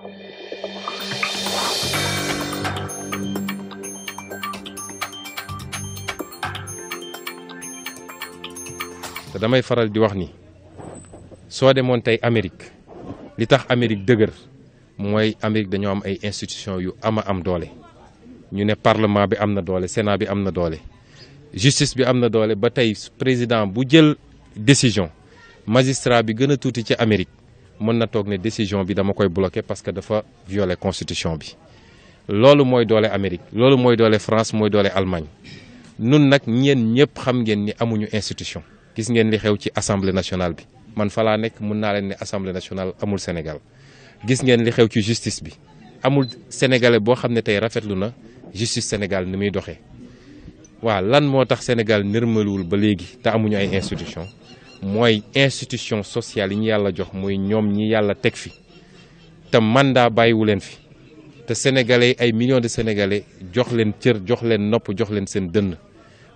te damay faral di wax ni soo demoon tey Amérique li tax Amérique dëgër mooy Amérique dañoo am ay institutions yu ama am doole ñu ne parlement bi na doole Sénat bi am doole justice bi am na doole ba tey président bu jël décision magistrat bi gën tuuti ci Amérique mën na toog ne décision bi dama koy bloqué parce que dafa violé constitution bi loolu mooy doole Amérique loolu mooy doole France mooy doole Allemagne nun nag ñeen ñëpp xam ngeen ni amuñu institution gis ngeen li xew ci assemblée nationale bi man fa laa nekk mën naa leen ne assemblée nationale amul Sénégal gis ngeen li xew ci justice bi amul sénégalais boo xam ne tey rafetlu na justice Sénégal ni muy doxee waaw lan moo tax Sénégal nërmaluwul ba léegi te amuñu ay institution moy institution sociale ni ñu la jox moy ñom ñi yalla tek fi te mandat bàyyiwu leen fi te sénégalais ay millions de sénégalais jox leen cër jox leen nopp jox leen sen deun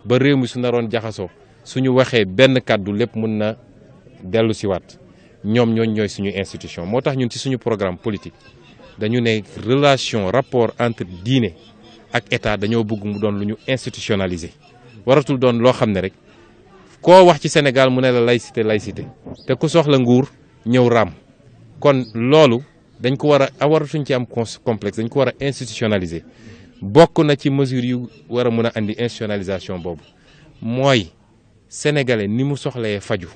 ba réew mi su naroon jaxaso suñu waxé benn kàddu lepp mën na dellu siwaat ñoom ñooñ ñoy suñu institution motax ñun ci suñu programme politique dañu né relation rapport entre diine ak état dañu bëgg mu doon lu institutionnaliser waratul doon lo xamné rek ko wax ci Sénégal mu ne la laïcité laïcité te ku soxla nguur ñew ram kon lolu dañ ko wara a awaratuñ ci am complexe dañ ko wara institutionnaliser bokku na ci mesure yu wara mëna andi institutionnalisation boobu moy sénégalais ni mu soxlee faju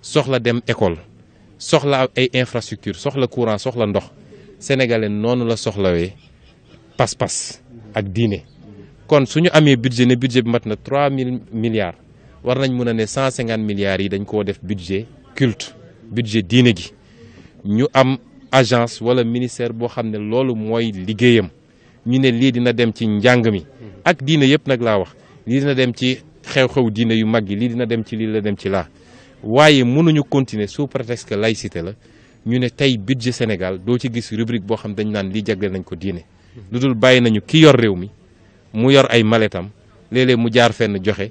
soxla dem école soxla ay infrastructure soxla courant soxla ndox sénégalais nonu la soxlawee pass pass ak diine kon suñu amé budget ne budget bi mat na 3000 milliards war nañ mën a ne 150 milliards yi dañ koo def budget culte budget diine gi ñu am agence wala ministère boo xam ne loolu mooy liggéeyam ñu ne lii dina dem ci njàng mi ak diine yëpp nag laa wax lii dina dem ci xew-xew diine yu mag yi lii dina dem ci lii la dem ci laa waaye mënuñu continuer sous prétexte que laïcité la ñu ne tey budget Sénégal doo ci gis rubrique boo xam dañ naan lii jagle nañ ko diine lu dul bàyyi nañu ki yor réew mi mu yor ay maletam léeg mu jaar fenn joxe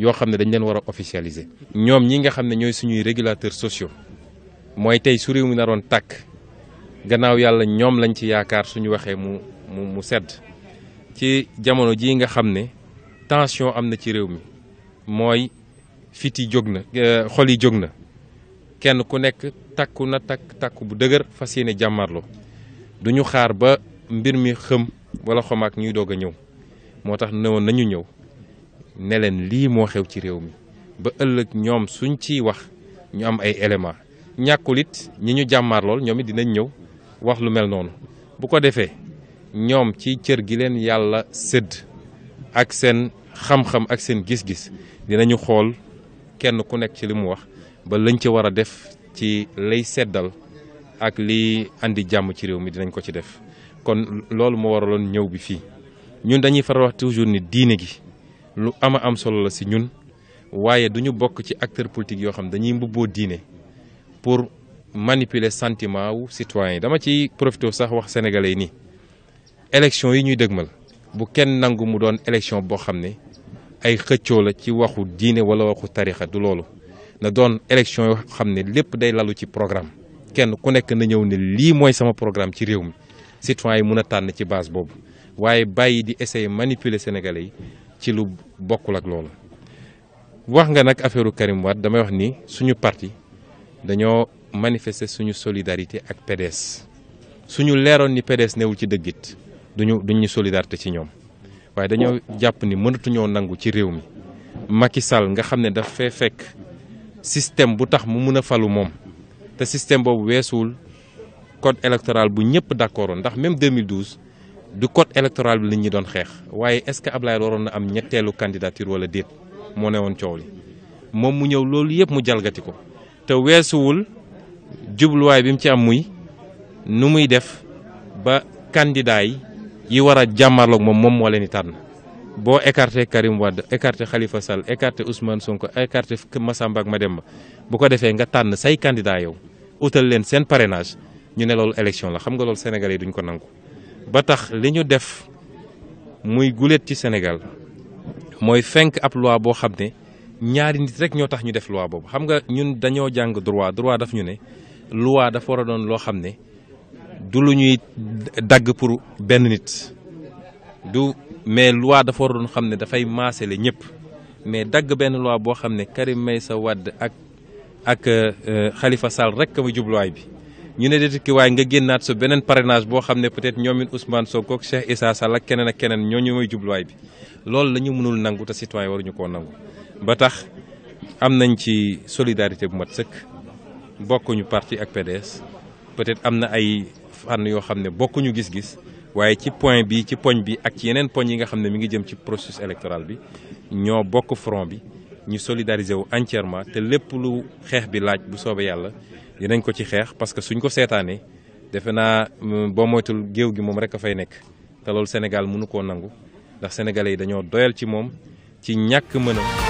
yoo xam ne dañ leen war a officialiser. ñoom ñi nga xam ne ñooy suñuy régulateurs sociaux mooy tey su réew mi naroon tàkk gannaaw yàlla ñoom lañ ci yaakaar suñu waxee mu mu mu sedd ci jamono jii nga xam ne tension am na ci réew mi mooy fit yi jóg na euh, xol yi jóg na kenn ku nekk takku na takk takku bu dëgër fas yéene jàmmarloo du ñu xaar ba mbir mi xëm wala xomaak ñuy doog a ñëw moo tax newoon nañu ñëw. ne leen lii moo xew ci réew mi ba ëllëg ñoom suñ ciy wax ñu am ay éléments ñàkkul it ñi ñu jàmmaar lool ñoom it dinañ ñëw wax lu mel noonu bu ko defee ñoom ci cër gi leen yàlla sëdd ak seen xam-xam ak seen gis-gis dinañu xool kenn ku nekk ci li mu wax ba lañ ci war a def ci lay seddal ak li andi jàmm ci réew mi dinañ ko ci def kon loolu moo waraloon ñëw bi fii ñun dañuy faral toujours ni diine gi lu ama am solo la ci ñun waye duñu ñu bokk ci acteur politique yo xam dañuy bo diiné pour manipuler sentiment wu citoyen dama ci profiter sax wax sénégalais ni élection yi ñuy dëgmal bu kenn nangu mu doon élection bo xamné ay xëccio la ci waxu diiné wala waxu tarixa du lolu na doon élection yo xamné ne lépp day lalu ci programme kenn ku nekk na ñëw ne li moy sama programme ci réew mi citoyen yi mëna tan ci base boobu waaye bàyyi di essayer manipuler sénégalais yi ci lu bokkul ak loolu wax nga nag affaire Karim Wade damay wax ni suñu parti dañoo manifester suñu solidarité ak PDS suñu leeroon ni PDS newul ci dëggit duñu duñu solidarité ci ñoom waaye dañoo jàpp ni mënatuñoo nangu ci réew mi Macky Sall nga xam ne daf fee système bu tax mu mun a falu moom te système boobu weesuwul code électoral bu ñëpp d'accord ndax même 2012 du code électoral bi lañ ñi doon xex waye est-ce que Ablaye waron na am ñettelu candidature wala déet mo neewon ciowli mom mu ñew loolu mu jalgati ko te djublu way bi mu ci am muy nu muy def ba candidat yi yi wara jamarlo mom mom mo leni tan bo tànn écarté Karim wad écarté Khalifa Sall écarté Ousmane Sonko écarté Massamba ak Mademba bu ko defee nga tan say candidat yow outal len sen parrainage ñu ne élection la xam nga sénégalais duñ ko nangou ba tax li ñu def muy guléet ci Sénégal mooy fenk ab loi boo xam ne ñaari nit rek ñoo tax ñu def loi boobu xam nga ñun dañoo jàng droit droit daf ñu ne loi dafa war a doon loo xam ne du lu ñuy dagg pour benn nit du mais loi dafa doon xam ne dafay maasele ñëpp mais dagg benn loi boo xam ne Karim Meïssa Wade ak ak euh, Khalifa Sall rek ka jubluwaay bi ñu ne déedéet ki waaye nga génnaat sa beneen parrainage boo xam ne peut-être ñoom it Ousmane Sonko ak Cheikh Issa Sall ak keneen ak keneen ñooñu mooy jubluwaay bi loolu la ñu mënul nangu te citoyen waruñu koo nangu ba tax am nañ ci solidarité bu mat sëkk bokkuñu parti ak PDS peut-être am na ay fànn yoo xam ne bokkuñu gis-gis waaye ci point bi ci poñ bi ak ci yeneen poñ yi nga xam ne mi ngi jëm ci processus électoral bi ñoo bokk front bi ñu solidariser wu entièrement te lépp lu xeex bi laaj bu soobee yàlla dinañ ko ci xeex parce que suñ ko seetaanee defe naa ba moytul géew gi moom rek a fay nekk te loolu Sénégal mënu koo nangu ndax sénégalais yi dañoo doyal ci moom ci ñàkk mënam